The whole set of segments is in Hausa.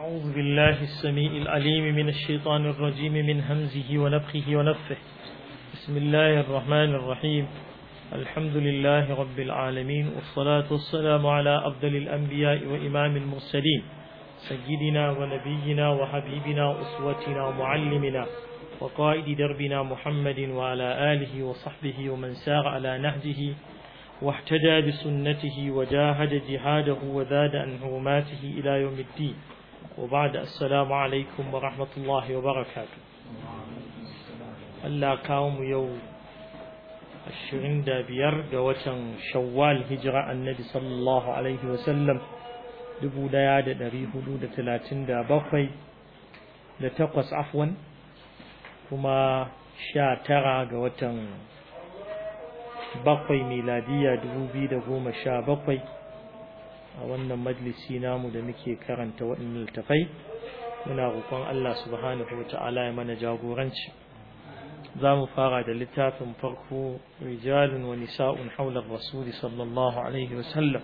أعوذ بالله السميع العليم من الشيطان الرجيم من همزه ونفخه ونفه بسم الله الرحمن الرحيم الحمد لله رب العالمين والصلاة والسلام على أفضل الأنبياء وإمام المرسلين سيدنا ونبينا وحبيبنا أسوتنا ومعلمنا وقائد دربنا محمد وعلى آله وصحبه ومن سار على نهجه واحتدى بسنته وجاهد جهاده وزاد عن إلى يوم الدين وبعد السلام عليكم ورحمة الله وبركاته الله كاوم يوم الشرين دا بيار جواتن شوال هجرة النبي صلى الله عليه وسلم دبو دايا دا دري حدود تلاتين دا بقي لتقص عفوا كما sha tara ga watan bakwai miladiya dubu biyu da goma sha bakwai a wannan majalisi namu da muke karanta waɗannan littafai muna roƙon Allah subhanahu wa ya mana jagoranci za mu fara da littafin farko rijalin, wa nisa'un haular rasuli sallallahu alaihi wa sallam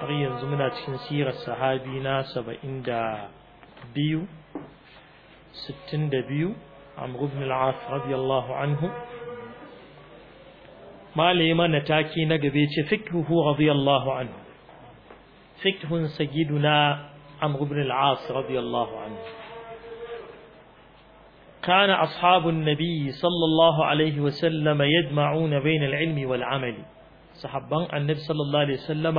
har yanzu muna cikin sirar sahabi na saba'in da biyu sittin da biyu amr ibn al radiyallahu anhu Malima na taki na gabe ce fikhuhu radiyallahu anhu fikhun sayyiduna amr ibn al-as radiyallahu anhu كان أصحاب النبي صلى الله عليه وسلم يجمعون بين العلم والعمل صحابان النبي صلى الله عليه وسلم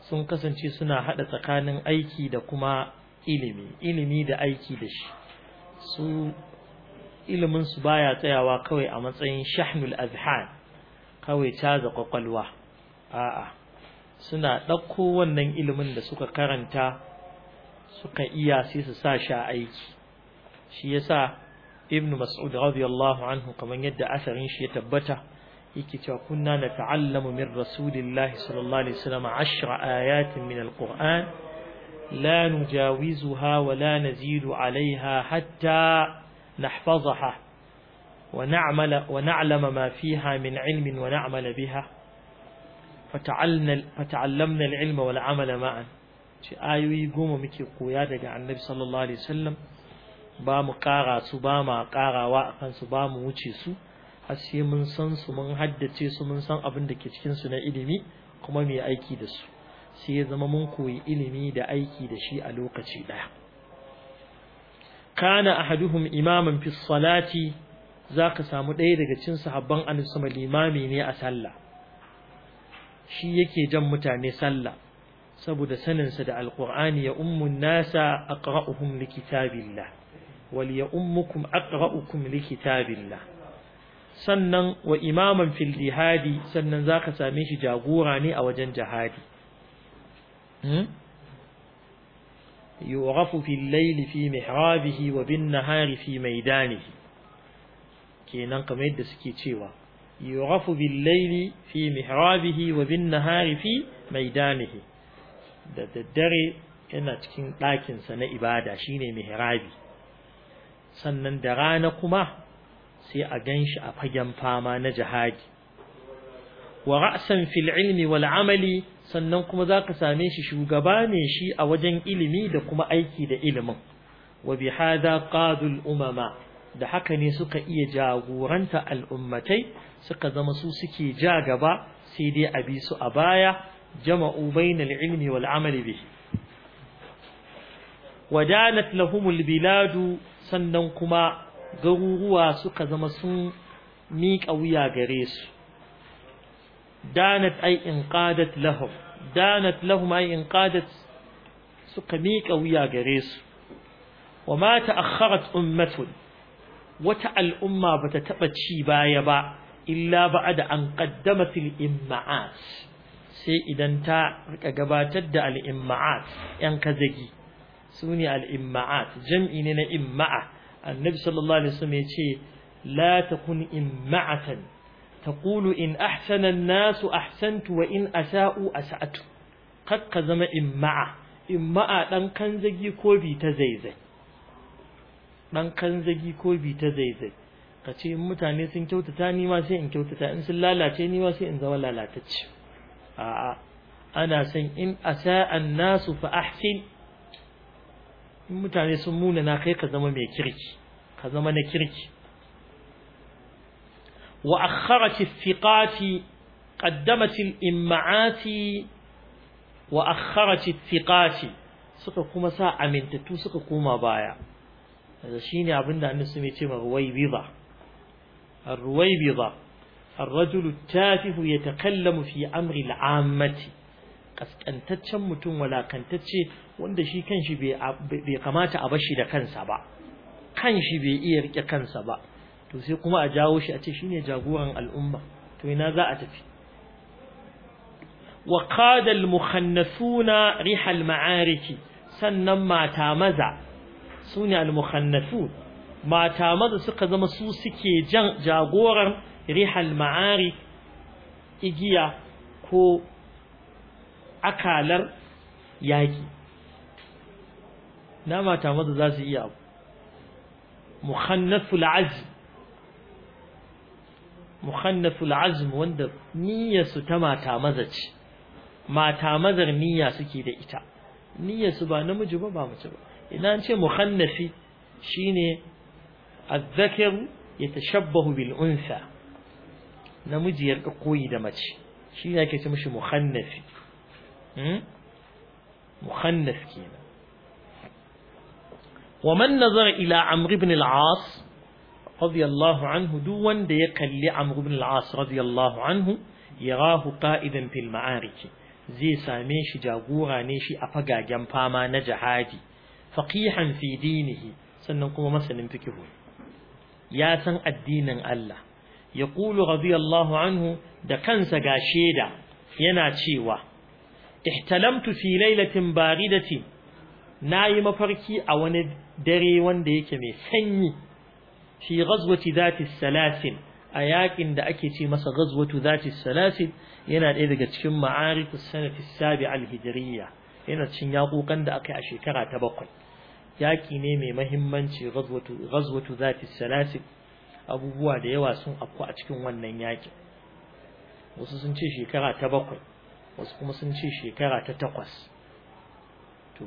sun kasance suna hada tsakanin aiki da kuma ilimi ilimi da aiki da shi su ilimin su baya tsayawa kawai a matsayin shahnul azhan kawai caza kwakwalwa a'a suna ɗauko wannan ilimin da suka karanta suka iya sai su sa shi a aiki shi yasa ibnu mas'ud radiyallahu anhu kaman yadda asarin shi ya tabbata yake cewa kunna nata'allamu min rasulillahi sallallahu alaihi wasallam 10 ayatin min alquran la nujawizuha wa la nazidu alaiha hatta nahfazaha ونعمل ونعلم ما فيها من علم ونعمل بها فتعلمنا العلم والعمل معا ce ayoyi goma muke koya daga annabi sallallahu alaihi wasallam ba mu ƙara su ba ƙarawa a kansu ba mu wuce su har sai mun san su mun haddace su mun san abin da ke cikin su na ilimi kuma mu aiki da su sai ya zama mun koyi ilimi da aiki da shi a lokaci ɗaya kana ahaduhum imaman fi salati za ka samu ɗaya daga cin sahabban annabi limami ne a sallah shi yake jan mutane sallah saboda saninsa da Alƙur'ani ya ummun nasa likita likitabillah wal ya ummukum aqra'ukum likitabillah sannan wa imaman fil jihadi sannan zaka same shi jagora ne a wajen jihadi hmm yu'rafu fil layli fi mihrabihi wa bin nahari fi maidanihi kenan kamar yadda suke cewa yurafu billaili fi mihrabihi wa bin nahari fi maidanihi da daddare yana cikin ɗakin sa na ibada shine mihrabi sannan da rana kuma sai a ganshi a fagen fama na jihadi wa ra'san fil ilmi wal amali sannan kuma zaka same shi shugaba ne shi a wajen ilimi da kuma aiki da ilimin wa bi qadul umama da haka ne suka iya jagoranta al'ummatai suka zama su suke ja gaba sai dai a bi su a baya jama'u bainal ilmi wal amali bihi wadanat lahumul biladu sannan kuma garuruwa suka zama sun miƙa wuya gare su danat in qadat lahum danat lahum in qadat suka miƙa wuya gare su wa ma ta'akhkharat ummatun wata al'umma ba ta taɓa ci baya ba illa ba da an ƙaddama fil imma'at sai idan ta rika gabatar da al'imma'at ‘yan kazagi su ne al'imma'at jam'i ne na imma'a annabi sallallahu alaihi wasallam ya ce la takun imma'atan in ahsana an-nasu ahsantu wa in asa'u asa'tu kakka zama imma'a imma'a dan ko bi ta zaizai dan kanzagi ko bi ta zaizai ka ce mutane sun kyautata ni ma sai in kyautata in sun lalace ni ma sai in zama lalatacce a'a ana son in asa'an nasu fa ahsin in mutane sun muna na kai ka zama mai kirki ka zama na kirki wa akharat thiqati qaddamat al-imma'ati wa akharat thiqati suka kuma sa amintattu suka koma baya shine abinda annabi ya ce ma ruwaybida ar-ruwaybida الرجل التافه يتكلم في amri العامة kaskantaccen mutum walakantacce wanda shi kanshi bai kamata a bashi da kansa ba kanshi bai iya rike kansa ba to sai kuma a jawo shi a ce shine jagoran al'umma to ina za a tafi wa qada al-mukhannathuna rihal ma'ariki sannan mata maza su ne al-mukhannafu mata maza suka zama su suke jan jagoran rihal ma'ari igiya ko akalar yaki na mata maza za su iya mukhannafu al-azm mukhannafu al-azm wanda ta mata maza ce mata mazar niyya suke da ita su ba namiji ba ba mace ba idan ce muhannasi shine azzakir ya tashabbahu bil unsa namiji ya rika koyi da mace shi ne ake ce mashi muhannasi muhannas kenan wa man nazara ila amr ibn al as radiyallahu anhu duk wanda ya kalli amr ibn ya as radiyallahu anhu يراه قائدا في المعارك زي shi a fagagen fama na نجحادي faqihan fi dinihi sannan kuma masanin fikihu ya san addinin Allah ya ƙulu radiyallahu anhu da kansa ga sheda yana cewa ihtalamtu fi lailatin baridati nayi mafarki a wani dare wanda yake mai sanyi fi ghazwati zati salasin a yakin da ake ce masa ghazwatu zati salasin yana ɗaya daga cikin ma'arif sanati sabi al-hijriyya yana cin yaƙoƙan da aka yi a shekara ta bakwai yaki ne mai mahimmanci ghazwatu zati salasik abubuwa da yawa sun afku a cikin wannan yakin wasu sun ce shekara ta bakwai wasu kuma sun ce shekara ta takwas to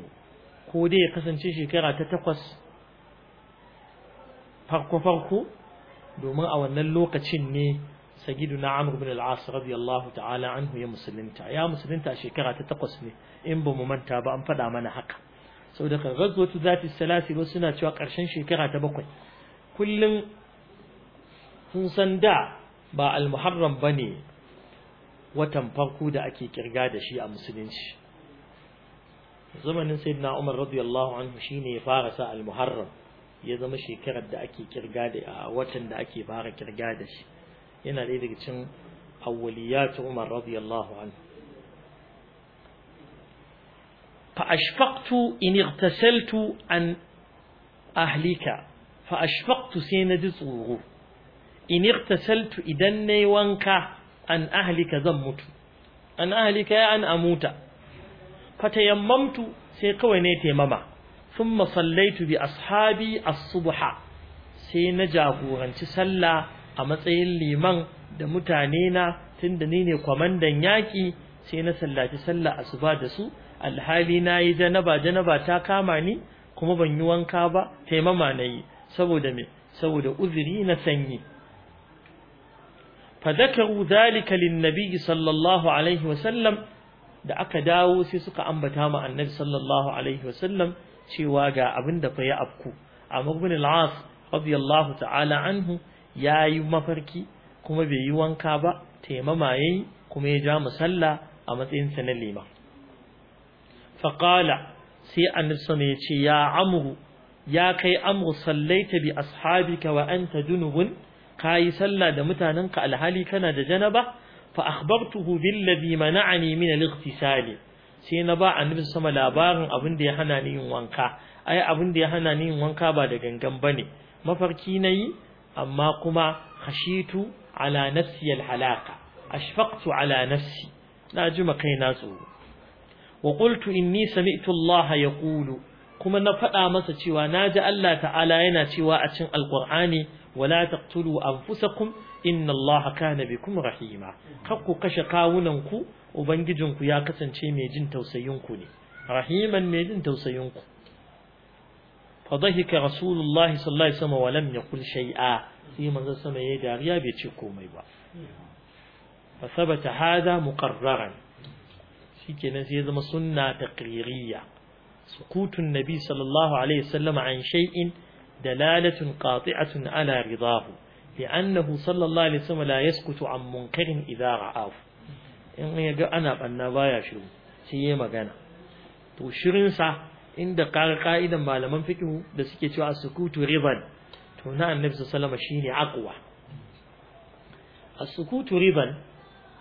ko dai ya kasance shekara ta takwas farko farko domin a wannan lokacin ne na Amr bin al radiyallahu ta'ala anhu ya musulunta ya musulunta shekara ta takwas ne in ba mu manta ba an faɗa mana haka sau da ghazwatu zati salasi salasiro suna cewa ƙarshen shekara ta bakwai kullum sun san da ba al-muharram ne watan farko da ake kirga da shi a musulunci zamanin sayyidina Umar radiyallahu anhu shine ya fara sa al-muharram ya zama shekarar da ake kirga da a watan da ake fara kirga da shi yana ɗaya daga cikin awwaliyat Umar radiyallahu anhu فأشفقت إن اغتسلت عن أهلك فأشفقت سيند صغور إن اغتسلت إذن وانك عن أهلك زمت عن أهلك عن أموت فتيممت سيقوي نيتي ماما ثم صليت بأصحابي الصبح سينجاهو أنت سلا أمتين لمن da mutane na tunda ni ne kwamandan yaƙi sai na sallaci sallah asuba da su alhali na yi janaba janaba ta kama ni kuma ban yi wanka ba taimama na yi saboda me saboda uzuri na sanyi fadakaru zalika linnabi sallallahu alaihi wasallam da aka dawo sai suka ambata ma annabi sallallahu alaihi wasallam cewa ga abin da fa ya afku amma ibn al-as radiyallahu ta'ala anhu yayi mafarki kuma bai yi wanka ba taimama yayi kuma ya ja musalla a matsayin sa na liman faƙala sai annabi sama ya ce ya amru ya kai amru sallaita bi ashabika wa anta junubun kayi sallah da mutanenka alhali kana da janaba fa akhbartuhu billadhi mana'ani min al-ightisal sai na ba annabi sama labarin abin da ya hana ni yin wanka ai abin da ya hana ni yin wanka ba da gangan bane mafarki nayi amma kuma khashitu ala nafsi al-halaka ashfaqtu ala nafsi na jima kaina tsoro wa qultu inni sami'tu Allah yaqulu kuma na faɗa masa cewa naji Allah ta'ala yana cewa a cikin alqur'ani wala taqtulu anfusakum inna Allah kana bikum rahima kakku kashe kawunan ku ubangijin ku ya kasance mai jin tausayin ku ne rahiman mai jin tausayin ku fa dhahika rasulullahi sallallahu alaihi wasallam wa lam yaqul shay'a sai manzo sama yayi dariya bai ce komai ba fa sabata hada muqarraran shikenan sai ya zama sunna taqririyya sukutun nabi sallallahu alaihi wasallam an shay'in dalalatun qati'atun ala ridahu li'annahu sallallahu alaihi wasallam la yaskutu an munkarin idza ra'ahu in ya ga ana banna baya shiru sai ya magana to shirin sa inda ka'idan malaman fiqh da suke cewa sukutu riban to na annabi sallallahu alaihi wasallam shine aqwa as-sukutu riban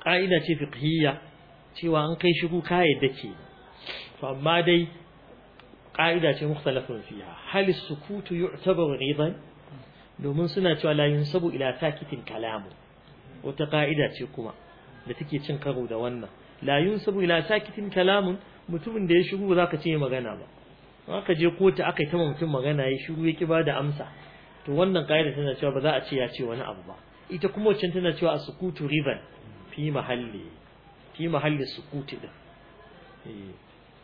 ka'ida ce fiqhiyya cewa an kai shiru ka da ke to amma dai ƙa'ida ce mukhtalafun fiha hal sukutu yu'tabaru ridan domin suna cewa la yunsabu ila sakitin kalamu wata ƙa'ida ce kuma da take cin karo da wannan la yunsabu ila sakitin kalamun mutumin da ya shiru ba za ka ce magana ba aka je kotu aka yi ta mutum magana ya shiru ya ki ba da amsa to wannan ƙa'ida tana cewa ba za a ce ya ce wani abu ba ita kuma wacce tana cewa a sukutu riban fi mahalli fi mahallin sukuti din eh,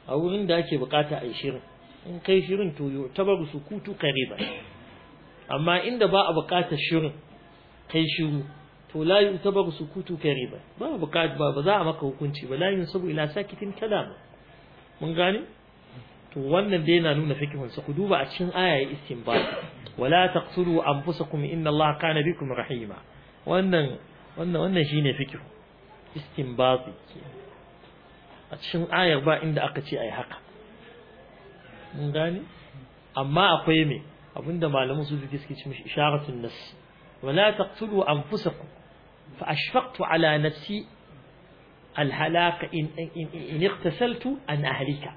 a wurin da ake bukata a yi shirin in kai shirin to yu'tabaru sukutu kare ba. amma inda ba a bukatar shirin kai shiru to la yu'tabaru sukutu kare ba Ba bukat ba ba za a maka hukunci ba la yunsabu ila sakitin kalam mun gane to wannan dai yana nuna fikihun sa ku duba a cikin aya ya istinbat wala taqtulu anfusakum inna allaha kana bikum rahima wannan wannan wannan shine fikihu istinbati ke a cikin ayar ba inda aka ce ai haka mun amma akwai me abinda malamai su zuke suke cin isharatun nas wala taqtulu anfusakum fa ashfaqtu ala nafsi alhalaka in in in iqtasaltu an ahlika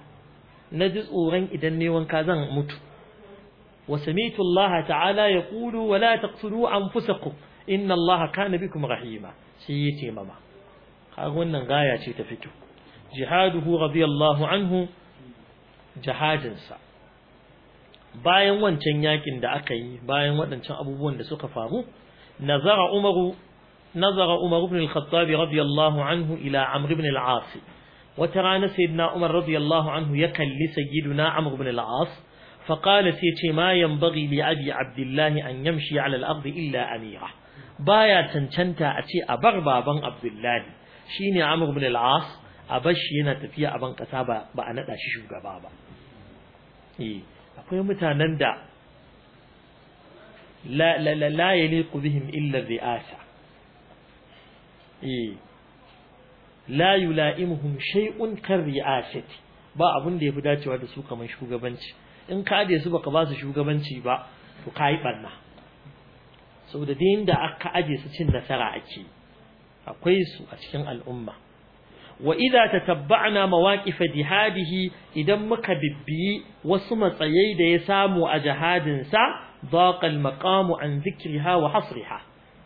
naji tsoron idan ne wanka zan mutu wa sami'tu Allah ta'ala yaqulu wala taqtulu anfusakum inna Allah kana bikum rahima sai yace mama kaga wannan gaya ce ta fito jihaduhu radiyallahu anhu jihadinsa bayan wancan yakin da aka yi bayan waɗancan abubuwan da suka faru nazara umaru nazara umaru ibn al-khattab radiyallahu anhu ila amr ibn al-as wata rana sayyidina umar radiyallahu anhu ya kalli sayyiduna amr ibn al-as fa qala sai ce ma yanbaghi li abi abdullahi an yamshi ala al-ardi illa amira baya cancanta a ce a bar baban abdullahi shine Amr ibn al-As a bashi yana tafiya a ban kasa ba ba a nada shi shugaba ba eh akwai mutanen da la la la la yaliqu illa ri'asa eh la yula'imuhum shay'un kar ri'asati ba abun da yafi dacewa da su kamar shugabanci in ka aje su baka ba su shugabanci ba to kai barna saboda da aka aje su cin nasara ake yi akwai su a cikin al'umma wa ta tatabba'na mawaqif jihadihi idan muka bibbiyi wasu matsayai da ya samu a jihadin sa maƙamu an zikriha wa hasriha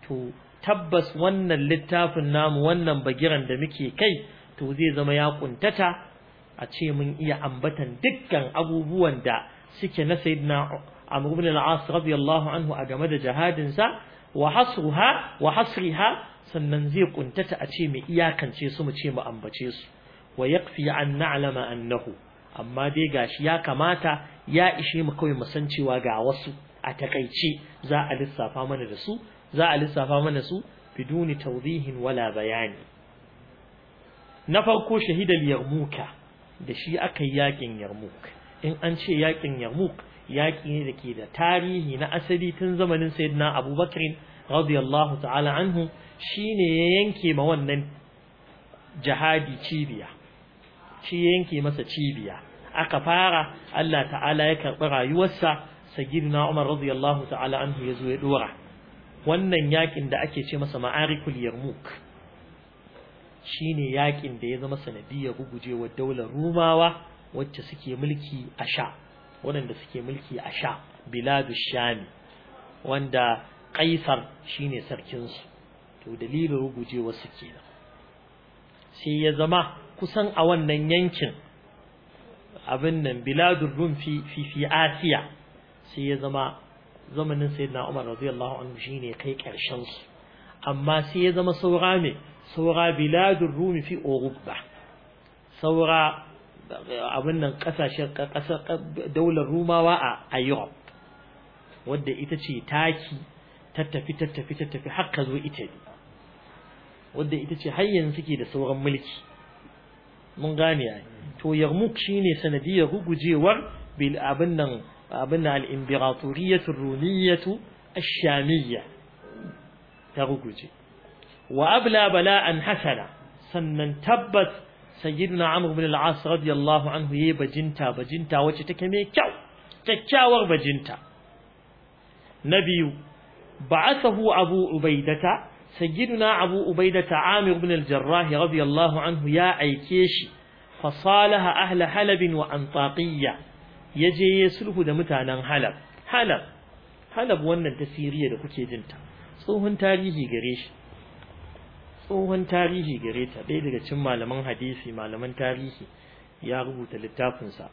to tabbas wannan littafin namu wannan bagiran da muke kai to zai zama ya ƙuntata, a ce mun iya ambatan dukkan abubuwan da suke na sayyidina Amr ibn al-As radiyallahu anhu a game da jihadinsa wa hasruha wa hasriha sannan zai kuntata a ce mai iyakance su mu ce mu ambace su wa yakfi an na'lama annahu amma dai gashi ya kamata ya ishe mu kawai mu san cewa ga wasu a takaice za a lissafa mana da su za a lissafa mana su biduni tawdihin wala bayani na farko shahidal yarmuka da shi aka yi yakin yarmuk in an ce yakin yarmuk yaki ne da ke da tarihi na asali tun zamanin sayyidina abubakar radiyallahu ta'ala anhu Shi ne ya yanke ma wannan jihadi cibiya shi yanke masa cibiya aka fara Allah ta'ala ya karɓi rayuwarsa na Umar radiyallahu ta'ala anhu zo ya ɗora. wannan yakin da ake ce masa ma'arikul yarmuk ne yakin da ya zama sanadiyar wa daular rumawa wacce suke mulki a sha waɗanda suke mulki a sha biladu shami wanda kaisar ne sarkinsu to dalilin rugujewa su kenan sai ya zama kusan a wannan yankin abin nan biladun rum fi fi asiya sai ya zama zamanin sayyidina umar radiyallahu anhu shine kai karshen su amma sai ya zama saura me saura biladun rumi fi urubba saura abin nan kasashen kasar daular rumawa a europe wadda ita ce taki tattafi tattafi tattafi har ka zo italy wadda ita ce har yanzu ke da sauran mulki mun gane ai to yarmuk shine sanadiyar gugujewar bil abin nan abin nan al-imbiraturiyatu rumiyatu ash-shamiyya ta guguje wa abla bala'an hasana sannan tabbas! sayyidina amr ibn al-as radiyallahu anhu yayi bajinta bajinta wacce take mai kyau kyakkyawar bajinta na biyu ba'athahu abu ubaidata sayyiduna abu ubaidata amir ibn al-jarrah radiyallahu anhu ya aike shi fasalaha salaha ahla halab wa antaqiyya yaje ya sulhu da mutanen halab halab wannan ta siriya da kuke jinta tsohon tarihi gare shi tsohon tarihi gare ta ɗaya daga cin malaman hadisi malaman tarihi ya rubuta littafinsa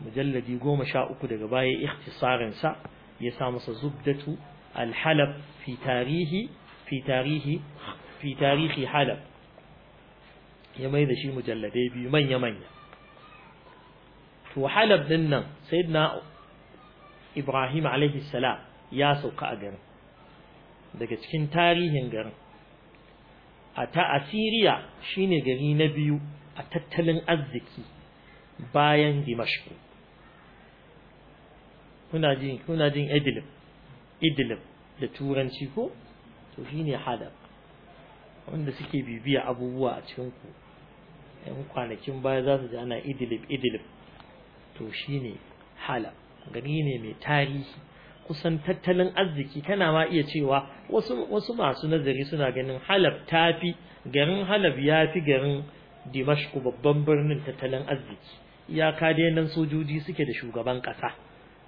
mujalladi goma sha uku daga baya ikhtisarinsa ya sa masa zubdatu alhalab fi tarihi fi tarihi fi ya mai da shi mujalladai biyu manya-manya to halab din nan sayyidina ibrahim alaihi salam ya sauka a garin daga cikin tarihin garin a asiriya shine gari na biyu a tattalin arziki bayan dimashku kuna jin kuna da turanci ko to shine hadar wanda suke bibiya abubuwa a cikin yan kwanakin baya za su ji ana idilib idilib to shine hala gari ne mai tarihi kusan tattalin arziki kana ma iya cewa wasu masu nazari suna ganin halab tafi garin halab ya fi garin dimashku babban birnin tattalin arziki iyaka dai nan sojoji suke da shugaban ƙasa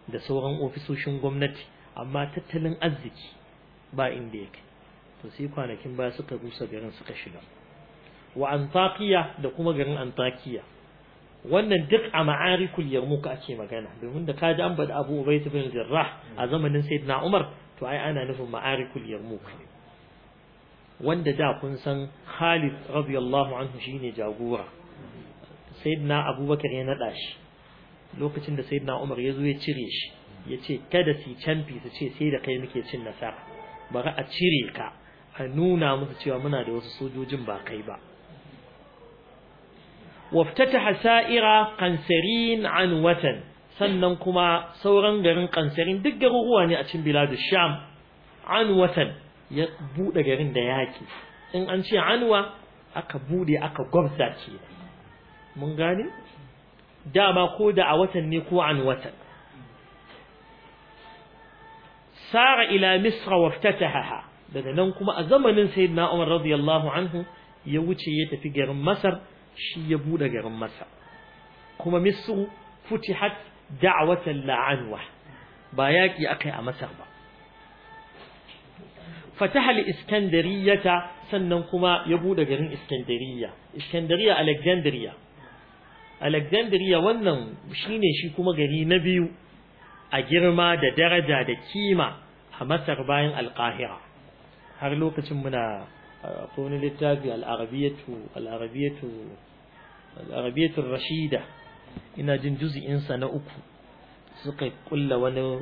da sauran ofisoshin gwamnati amma tattalin arziki ba inda ya kai. to sai kwanakin baya suka rusa garin suka shiga wa antakiya da kuma garin antakiya wannan duk a ma'arikul yarmuk ake magana domin da kaji an bada abu ubayt bin jarrah a zamanin sayyidina umar to ai ana nufin ma'arikul yarmuk wanda da kun san Khalid radiyallahu anhu shine jagora sayyidina abubakar ya nada shi lokacin da sayyidina umar ya zo ya cire shi ya ce kada si canfi su ce sai da kai muke cin nasara bari a cire ka a nuna musu cewa muna da wasu sojojin ba kai ba waftataha sa'ira qansarin an watan sannan kuma sauran garin kansarin duk garuruwa ne a cikin biladu sham an watan ya buɗe garin da yaki in an ce anwa aka buɗe aka gwamza ce mun gane dama ko da a watan ne ko an watan sara ila misra waftataha daga nan kuma a zamanin sayyidina Umar radiyallahu anhu ya wuce ya tafi garin Masar shi ya bude garin Masar kuma Misr futihat da'watan la'anwa ba yaki akai a Masar ba fataha al-Iskandariyata sannan kuma ya bude garin Iskandariya Iskandariya Alexandria Alexandria wannan shine shi kuma gari na biyu a girma da daraja da kima a Masar bayan Al-Qahira. har lokacin muna akwai wani littafi al'arabiyatu al'arabiyatu al'arabiyatu rashida ina jin juz'insa na uku suka kulla wani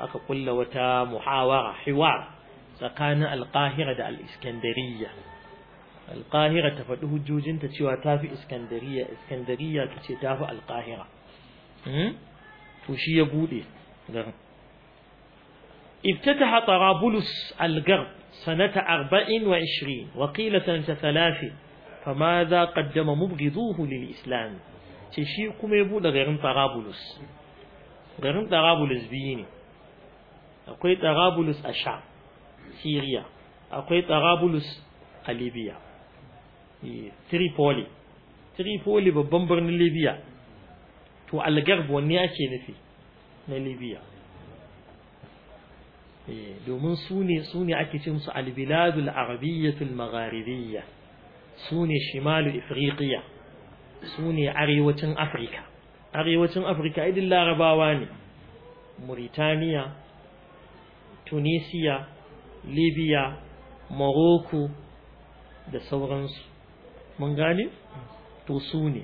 aka kulla wata muhawara hiwar tsakanin Alƙahira da al-iskandariya ta faɗi hujjojinta cewa ta fi iskandariya iskandariya ta ce ta fi Alƙahira to shi ya buɗe. garin افتتح طرابلس الغرب سنة أربع وعشرين وقيل سنة ثلاث فماذا قدم مبغضوه للإسلام شي كما يبود غير طرابلس غير طرابلس بيني أقول طرابلس أشع سيريا أقول طرابلس ليبيا تريبولي تريبولي ببنبرن ليبيا تو الغرب وني أكي نفي na Libya Eh, domin su ne su ne ake ce musu albiladul arabiyyatul magharibiyya su ne shimalu ifriqiya su ne arewacin afirka arewacin afirka idin larabawa ne Mauritania, Tunisia, Libya, Morocco da sauransu. Mun gane? To su ne.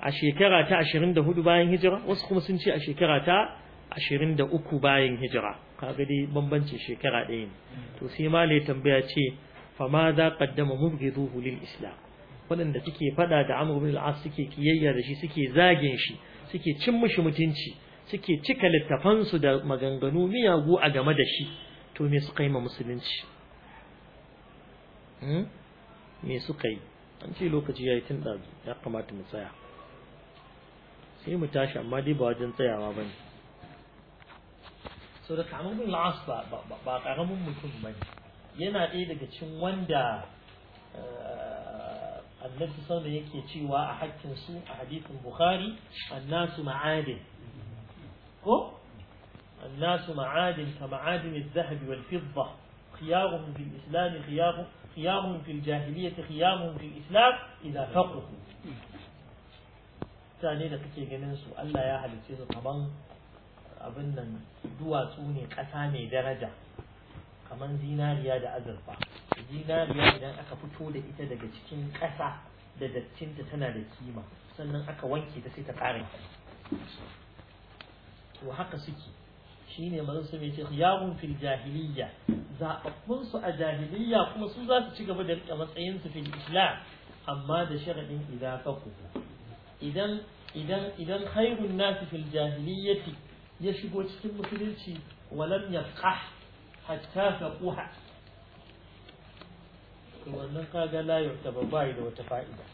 A shekara ta 24 bayan hijira, wasu kuma sun ce a shekara ta 23 bayan hijira. kaga dai bambancin shekara ɗaya ne to sai malai tambaya ce fa ma za qaddama mubghiduhu lil islam waɗanda suke fada da amr ibn as suke kiyayya da shi suke zagin shi suke cin mishi mutunci suke cika littafan su da maganganu miyagu a game da shi to me su yi ma musulunci hmm? me suka yi an ce lokaci yayi tun ɗazu ya kamata mu tsaya sai mu tashi amma dai ba wajen tsayawa bane sau da kamar bin la'as ba ƙaramin mutum ba yana ɗaya daga cikin wanda annabi sallallahu yake cewa a hakkin su a hadisin bukhari annasu ma'adin ko annasu ma'adin ka ma'adin az-zahab wal fidda khiyaruhum fil islam khiyaruhum khiyaruhum fil jahiliyyah khiyaruhum fil islam idza faqahu tane da kake ganin su Allah ya halice su kaman abin nan duwatsu ne ƙasa mai daraja kamar zinariya da azurfa zinariya idan aka fito da ita daga cikin ƙasa da dattinta tana da kima sannan aka wanke ta sai ta ƙare. to haka suke shine manzo su mai ce khiyarun fil jahiliya, zaɓaɓɓun su a jahiliyya kuma su za su ci gaba da riƙe matsayin su fil islam amma da sharaɗin idan idan idan idan khairun nasi fil ya shigo cikin musulunci walam yafqah hatta faquha wannan kaga la yuktaba bai da wata fa'ida